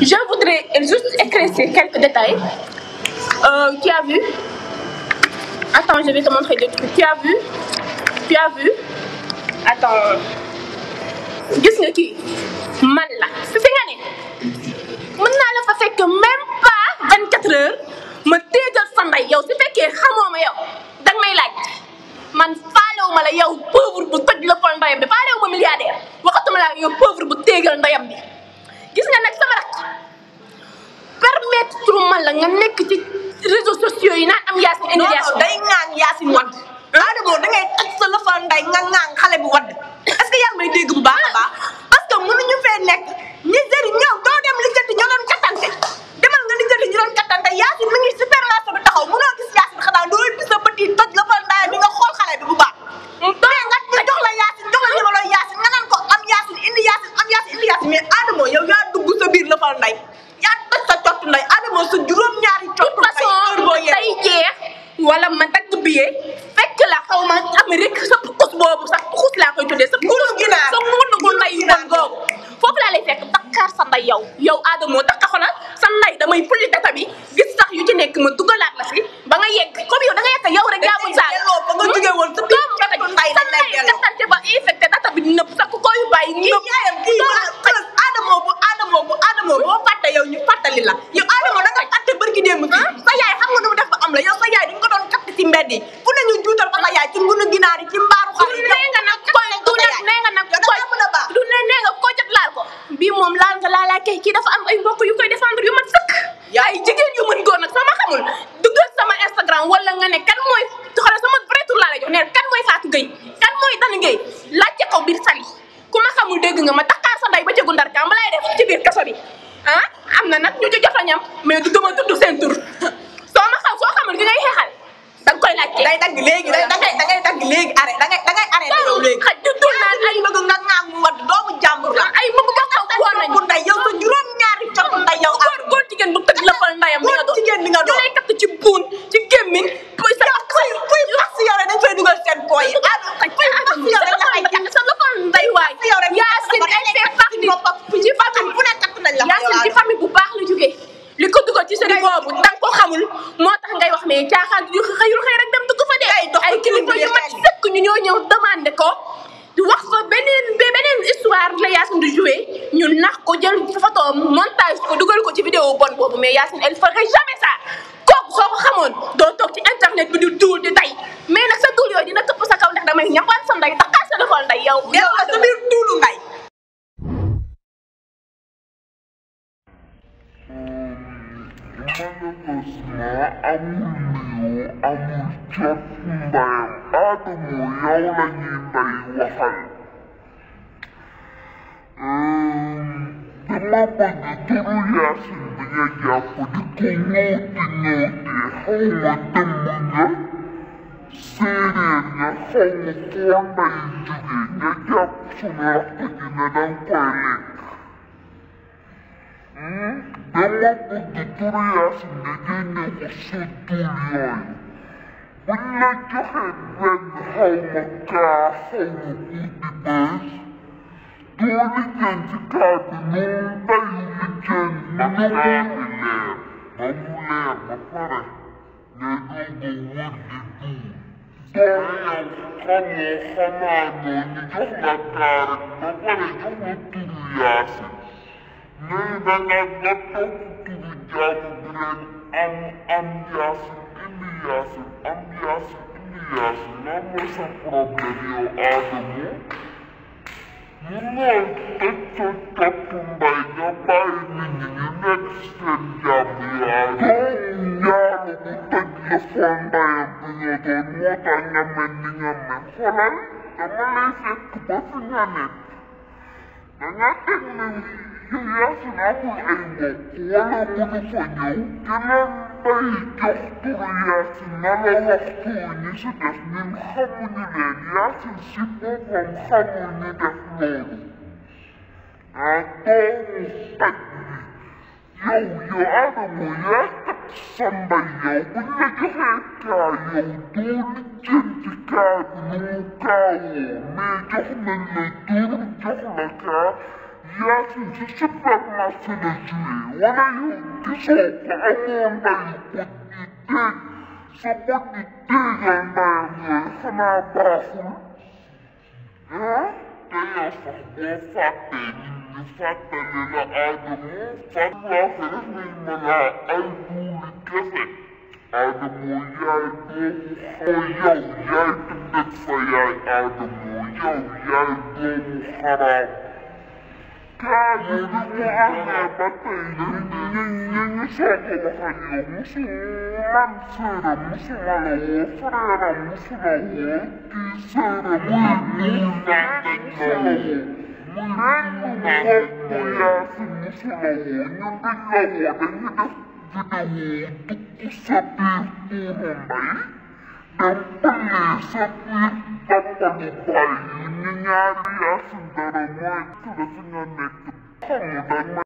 Je voudrais juste éclaircir quelques détails. Euh, tu as vu Attends, je vais te montrer des trucs. Tu as vu Tu as vu Attends. gis nga kii man la fi fi nga ne mën naa la fa fekk même pas 24 heures ma téegal sa ndey yow su fekkee xamoo ma yow danga may laaj man faalewu ma la yow pauvre bu toj la fol ndeyam bi faalewu ma milliardaire waxatuma la yow pauvre bu téegal ndeyam bi gis nga nag. permettre ma la nga nekk ci réseaux sociaux yi naan am Yacine indiation day ŋaan Yacine wadd Adamo da ngay toj sa lofa nday nga ŋaan xale bu wadd est-ce que yaa may dégg bu baax a baax parce que mënuñu fee nekk ñi jëri ñëw doo dem lijjanti ñoo doon kattante demal nga lijjanti ñu doon kattante Yacine mi ngi supermarché bi taxaw mënoo gis Yacine xanaa doo gis sa bët yi toj lofa nday bi nga xool xale bi bu baax mais nga jox la Yacine jox la numéro Yacine nga naan ko am Yacine wala ma dagg billet fekk la xaw ma Amérique sa pukus boobu sax pukus laa koy tuddee sa pukus ginaar sa mundu gu nday bon googu foofu laa lay fekk bakkaar sa nday yow yow Adamo tax a xoolal sa nday damay pulli data bi gis yu ci nekk ma dugalaat la fi ba nga yegg comme yow da nga yegg yow rek yaa mun saa ba nga hmm? jógee woon sa bi sa nday gasante ba infecté data bi nëpp sa ku koy bàyyi nëpp Adamo bu Adamo bu Adamo boo di fu ne ñu juutal ko nga yaay ci ngunu ginaar yi ci mbaaru xar yi. nee nga nag du nee nga nag du ne nee nga koo jot laal ko. bii moom laal nga laalaay kay kii dafa am ay mbokk yu koy défendre yu mat sëkk. ay jigéen yu mën góor nag sama xamul duggal sama Instagram wala nga ne kan mooy xoolal sama vrai tour laa lay ne nga ma takkaar ah, am na nag ñu ci jot a mais du tudd seen tur ne caaxaan yu xëyul xëy rek dem dugg fa de. ay kilifa yu mat sëkk ñu ñoo ñëw demandé ko. wax ko beneen beneen histoire la Yacine di joué ñu nax ko jël photo montage ko dugal ko ci vidéo bon boobu mais Yacine elle jamais ça. kooku soo xamoon doo toog ci internet bi di duul di tay mais nag sa duul yooyu dina tëpp sa kaw ndax damay ñaxoon sa ndey taxaat sa loxol ndey yow. yow la sa duulu ndey. malheureusement amul nuyoo amul jot mbayam Adamo yow la ñuy mbay waxal turu yaasin bi nga di ko ñooti ñooti xaw ma dëmm nga séeréer nga xaw ma foo nday jóge nga jàpp sunu rakk ji ne danga koy Allah'ın getiriyasın dediğini husuttun yani. Milleti hepten halka havuku dibes. Doğruken çıkardın olmayınken manuler. Manuler, mafara. Nedogo vurudu. Doğru kamu hamanı yuhlatar. Mafara yuhlatur yasin. ñun da nga nga topp tudd jaamu di leen am am yaasin indi yaasin am yaasin indi yaasin lan mooy sa problème yow Adamo mu noon tëj sa topp mbay nga bàyyi nit ñi ñu nekk ci seen jàmm yaa doomu ñaaru bu tëj la foo bi nga doon moo tax nga mel ni nga mel xoolal dama lay fekk ba Yasin amul ay mbokk wala bu ñu fa ñëw ki leen bay jox turu Yasin na la wax turu ñi si def ñun xamuñu leen Yasin si boppam xamul ñu def loolu ah doomu xaj bi yow yow Adama yaa teg sa mbay yow bu ñu la joxee kaa yow doo lijjanti kaa bi nu mu kaawoo mais jox nañ la turu jox la kaa Yasin susuk bakmasını diye. Ona yok disoka amonda yukut diye. Sokut diye yanmaya sana bakın. Ya? Daya sahne fakte minni fakte lila adamı fakla herif mimala aydulu kefe. Adamı yay doğu hayav yay tümdet sayay adamı yav yay doğu haram. kaa bi bu ko amee ba tey ñu ñu ñu soog a wax ak yow musu man seera musu ma la woo frère musu la woo kii seera muy muy naan dañ ma woo muy rek mu yaasin musu la woo ñun dañ la woo dañu def vidéo dugg sa biir kuuru mbay dem pëllee sa biir dappalu bàyyi nga liya sun dara mooy tudda suñu nekk xamu dag ma